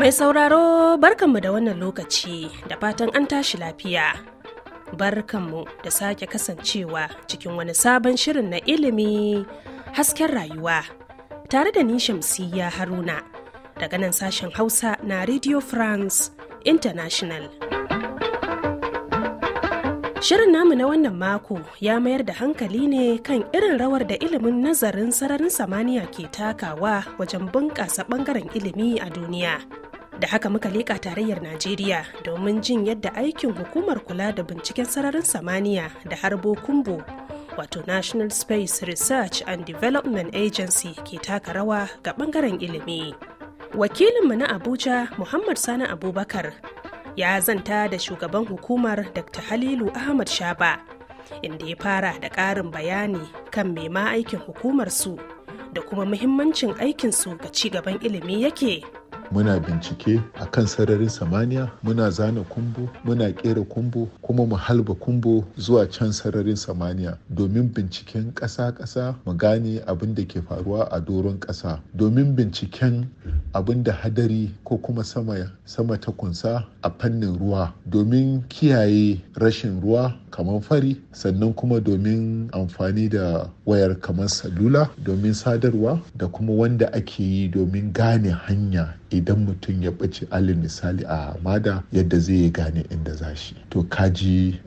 Mai sauraro barkanmu da wannan lokaci da fatan an tashi lafiya. Barkanmu da sake kasancewa cikin wani sabon shirin na ilimi hasken rayuwa tare da ni Shamsiyya Haruna daga nan sashen Hausa na Radio France International. Shirin namu na wannan mako ya mayar da hankali ne kan irin rawar da ilimin nazarin sararin samaniya ke takawa wajen bunƙasa ɓangaren ilimi a duniya. da haka muka leƙa tarayyar najeriya domin jin yadda aikin hukumar kula da binciken sararin samaniya da harbo kumbo wato national space research and development agency ke taka rawa ga bangaren ilimi wakilinmu na abuja muhammad sani abubakar ya zanta da shugaban hukumar dr halilu ahmad shaba inda ya fara da ƙarin bayani kan mema aikin hukumar su da kuma muhimmancin aikinsu ga ci gaban ilimi yake muna bincike a kan sararin samaniya muna zana kumbu muna kera kumbu kuma mu halba kumbu zuwa can sararin samaniya domin binciken ƙasa-ƙasa mu gane abin da ke faruwa a doron ƙasa domin binciken abin da hadari ko kuma sama, sama ta kunsa a fannin ruwa domin kiyaye rashin ruwa kamar fari sannan kuma domin amfani da wayar kamar salula domin sadarwa da kuma wanda ake yi domin gane hanya idan mutum ya ɓace alin misali a hamada yadda zai gane inda za shi to kaji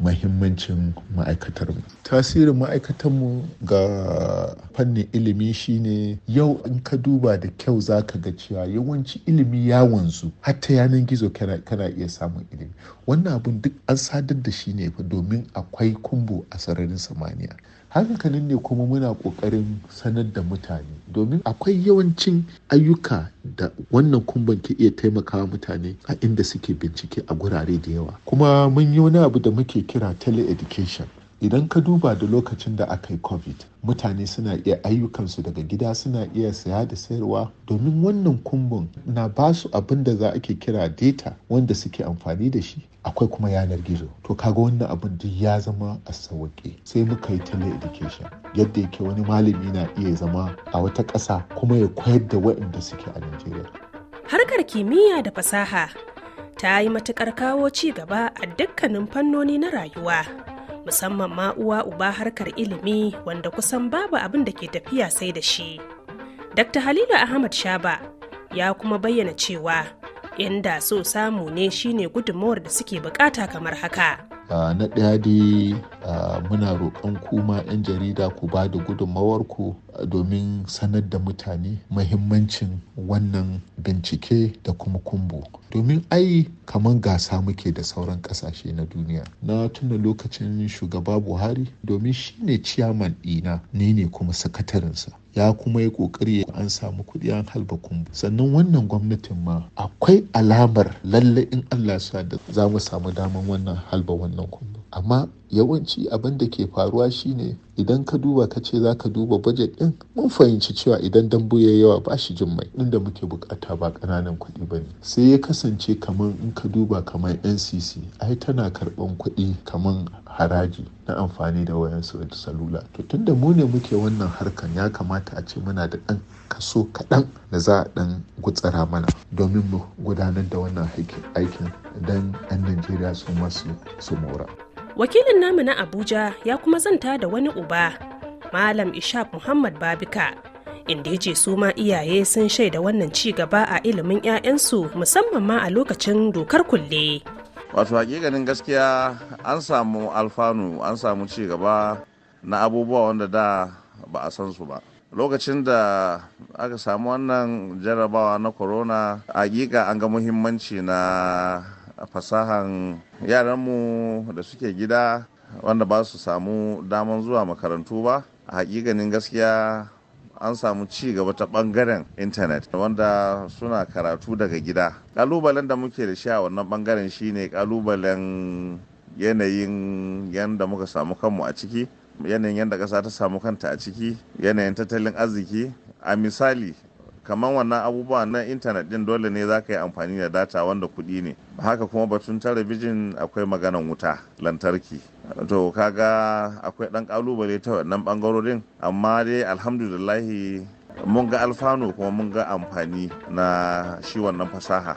mahimmancin ma'aikatar mu tasirin ma'aikatar mu ga fannin ilimi shine yau in ka duba da kyau za ka ga cewa yawanci ilimi ya wanzu hatta yanar gizo kana iya samun ilimi wannan abin duk an sadar da shi ne domin akwai kumbo a sararin samaniya hakanan ne kuma muna ƙoƙarin sanar da mutane domin akwai yawancin ayyuka da wannan kumban ke iya taimakawa mutane a inda suke bincike a gurare da yawa kuma mun yi wani abu da muke kira tele education idan ka duba da lokacin da aka yi covid mutane suna iya ayyukansu daga gida suna iya saya da sayarwa domin wannan kumbun na ba su abin da za ake kira data wanda suke amfani da shi akwai kuma yanar gizo to kaga wannan abin duk ya zama a sauƙi sai muka yi tele education yadda yake wani malami na iya zama a wata ƙasa kuma ya koyar da waɗanda suke a najeriya harkar kimiyya da fasaha ta yi matuƙar kawo ci gaba a dukkanin fannoni na rayuwa musamman ma uwa uba harkar ilimi wanda kusan babu abin da ke tafiya sai da shi. Dr. Halilu Ahmad Shaba ya kuma bayyana cewa inda so samu ne shine gudunmawar da suke bukata kamar haka. Ah, na ɗaya dai ah, muna roƙon kuma 'yan jarida ku ba da ku ah, domin sanar da mutane mahimmancin wannan bincike da kuma kumbu domin ai kamar gasa muke da sauran ƙasashe na duniya na tuna lokacin shugaba buhari domin shi ne ciyaman ɗina ni ne kuma sakatarinsa ya kuma yi kokari an samu kuɗi an halba kumbu sannan wannan gwamnatin ma akwai alamar lalle in Allah sa da za mu samu daman wannan halba wannan kumbu amma yawanci abin da ke faruwa shine idan ka duba ka ce za ka duba budget din mun fahimci cewa idan dambu ya yawa ba shi jin mai ɗin muke bukata ba kananan kuɗi ba ne sai ya kasance kamar in ka duba kamar ncc ai tana karɓan kuɗi kamar haraji na amfani da wayan salula to tunda mu ne muke wannan harkan ya kamata a ce muna da ɗan kaso kaɗan da za a ɗan gutsara mana domin mu gudanar da wannan aikin don 'yan najeriya su masu su mora. wakilin namu na abuja ya kuma zanta da wani uba malam ishaq muhammad babika inda ya ce su ma iyaye sun shaida wannan ci gaba a ilimin 'ya'yansu musamman ma a lokacin dokar kulle wato hakikanin gaskiya an samu alfanu an samu ci gaba na abubuwa wanda da ba a san su ba lokacin da aka samu wannan jarabawa na corona hakika an ga muhimmanci na fasahan yaranmu da suke gida wanda ba su samu daman zuwa makarantu ba a hakikanin gaskiya an samu ci gaba ta ɓangaren intanet wanda suna karatu daga gida ƙalubalen da muke da shi a wannan bangaren shine kalubalen yanayin yadda muka samu kanmu a ciki yanayin yadda ƙasa ta samu kanta a ciki yanayin tattalin arziki a misali kamar wannan abubuwa na intanet din dole ne za ka yi amfani da data wanda kuɗi ne haka kuma batun talabijin akwai maganan wuta lantarki to kaga akwai ɗan ƙalubale ta wannan ɓangarorin amma dai alhamdulillahi mun ga alfano kuma mun ga amfani na shi wannan fasaha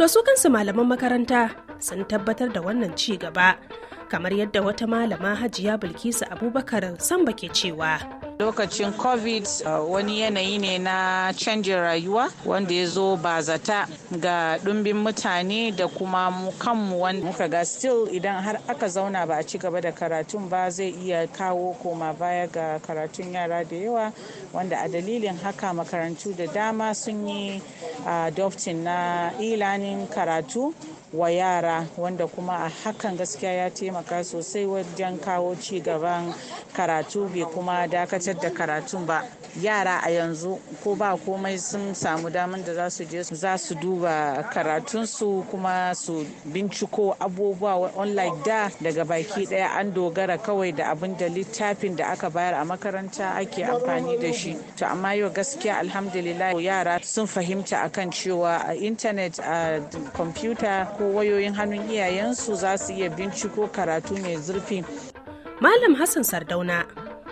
to su kansu malaman makaranta sun tabbatar da wannan ci gaba kamar yadda wata malama hajiya bilkisu abubakar samba ke cewa lokacin covid uh, wani yanayi ne na canjin rayuwa wanda ya zo ba zata ga ɗumbin mutane da kuma mu kanmu wanda muka ga still idan har aka zauna ba a ci gaba da karatun ba zai iya kawo koma baya ga karatun yara da yawa wanda a dalilin haka makarantu da dama sun yi uh, adoptin na ilanin karatu wa yara wanda kuma a hakan gaskiya ya taimaka sosai wajen kawo ci gaban karatu bai kuma dakatar da karatun ba yara a yanzu ko ba komai sun samu damar da za su je za su duba karatunsu kuma su binciko abubuwa online da daga baki daya an dogara kawai da abin da littafin da aka bayar a makaranta ake amfani da shi to amma yau gaskiya alhamdulillah yara sun fahimta akan cewa a intanet a computer ko wayoyin hannun iyayensu za su iya binciko karatu mai zurfi. Malam Hassan Sardauna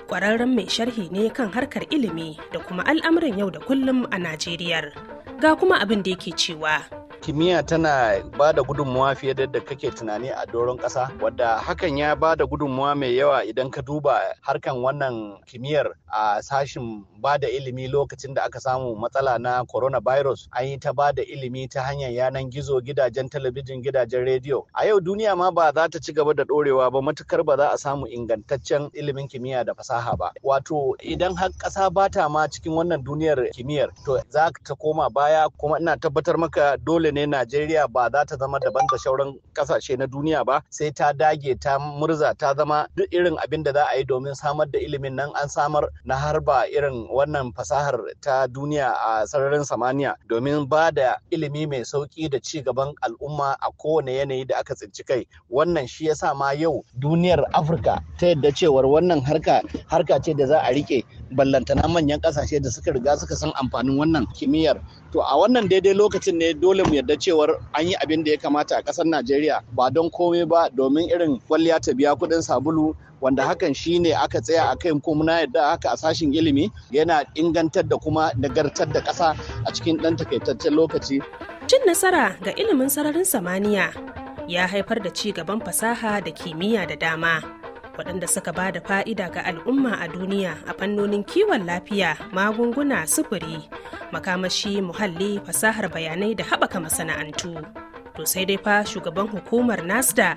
kwararren mai sharhi ne kan harkar ilimi da kuma al'amuran yau da kullum a Najeriya. Ga kuma abin da yake cewa. kimiyya tana ba da gudunmuwa fiye da yadda kake tunani a doron ƙasa wadda hakan ya ba da gudunmuwa mai yawa idan ka duba harkan wannan kimiyyar a sashin ba da ilimi lokacin da aka samu matsala na coronavirus an yi ta ba da ilimi ta hanyar yanan gizo gidajen talabijin gidajen rediyo a yau duniya ma ba za ta ci gaba da ɗorewa ba matukar ba za a samu ingantaccen ilimin kimiyya da fasaha ba wato idan har ƙasa ba ta ma cikin wannan duniyar kimiyyar to za ta koma baya kuma ina tabbatar maka dole ne Najeriya ba za ta zama daban da sauran kasashe na duniya ba sai ta dage ta murza ta zama duk irin abin da za a yi domin samar da ilimin nan an samar na harba irin wannan fasahar ta duniya a sararin samaniya domin ba da ilimi mai sauki da ci gaban al'umma a kowane yanayi da aka tsinci kai wannan shi yasa ma yau duniyar Afirka ta yadda cewar wannan harka harka ce da za a rike ballantana manyan kasashe da suka riga suka san amfanin wannan kimiyyar to a wannan daidai lokacin ne dole mu yarda cewar an yi abin da ya kamata a ƙasar najeriya ba don komai ba domin irin kwalliya ta biya kuɗin sabulu wanda hakan shine aka tsaya a kai kuma na yadda haka a sashin ilimi yana ingantar da kuma nagartar da ƙasa a cikin ɗan takaitaccen lokaci cin nasara ga ilimin sararin samaniya ya haifar da ci gaban fasaha da kimiyya da dama waɗanda suka ba da fa'ida ga al'umma a duniya a fannonin kiwon lafiya magunguna sufuri makamashi muhalli fasahar bayanai da haɓaka masana'antu to sai dai fa shugaban hukumar nasda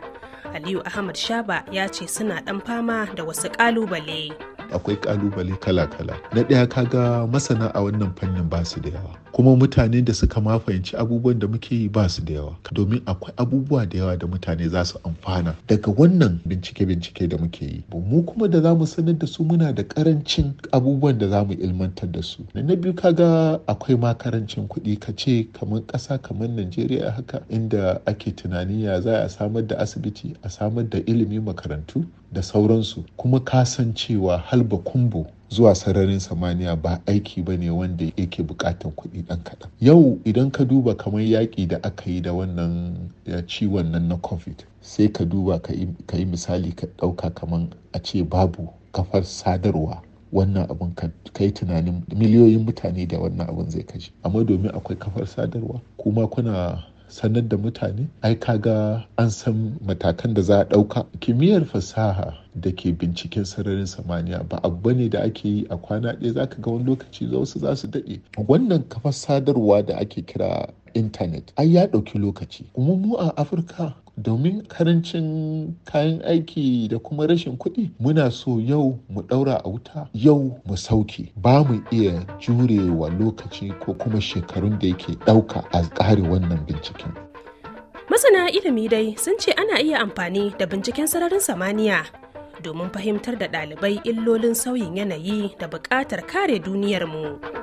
aliyu ahmad shaba ya ce suna ɗan fama da wasu ƙalubale akwai ƙalubale kala-kala na ɗaya kaga masana a wannan fannin ba su da yawa kuma mutane da suka ma fahimci abubuwan da muke yi ba su da yawa domin akwai abubuwa da yawa da mutane za su amfana daga wannan bincike-bincike da muke yi mu kuma da za mu sanar da su muna da karancin abubuwan da za mu ilmantar da su na biyu ka ga akwai ma karancin kuɗi ka ce kamar ƙasa kamar najeriya haka inda ake tunani ya za a samar da asibiti a samar da ilimi makarantu da sauransu kuma kasancewa halba kumbo zuwa sararin samaniya ba aiki ba ne wanda yake bukatan kuɗi ɗan kaɗan yau idan ka duba kamar yaƙi da aka yi da wannan ciwon nan na covid sai ka duba ka yi misali ka ɗauka kamar a ce babu kafar sadarwa wannan abin ka yi tunanin miliyoyin mutane da wannan abin zai kaji. amma domin akwai kafar sadarwa kuma kuna sanar da mutane ai ka ga an san matakan da za a ɗauka kimiyyar fasaha da ke binciken sararin samaniya ba abu ne da ake yi a kwana ɗaya za ka ga wani lokaci za wasu za su daɗe wannan kafar sadarwa da ake kira intanet ai ya ɗauki lokaci kuma mu a afirka domin karancin kayan aiki da kuma rashin kuɗi muna so yau mu ɗaura a wuta yau mu sauke ba mu iya jurewa lokaci ko kuma shekarun da yake ɗauka a ƙare wannan binciken masana ilimi dai sun ce ana iya amfani da binciken sararin samaniya domin fahimtar da ɗalibai illolin sauyin yanayi da buƙatar kare duniyarmu. mu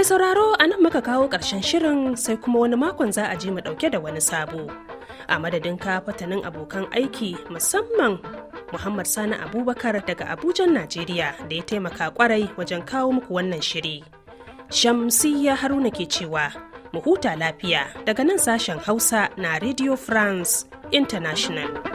Mai sauraro a nan muka kawo ƙarshen shirin sai kuma wani makon za a je mu ɗauke da wani sabo. A madadin ka fatanin abokan aiki musamman Muhammad Sani Abubakar daga Abujan Najeriya da ya taimaka kwarai wajen kawo muku wannan shiri. Shamsiyya Haruna ke cewa mu huta lafiya daga nan sashen Hausa na Radio France International.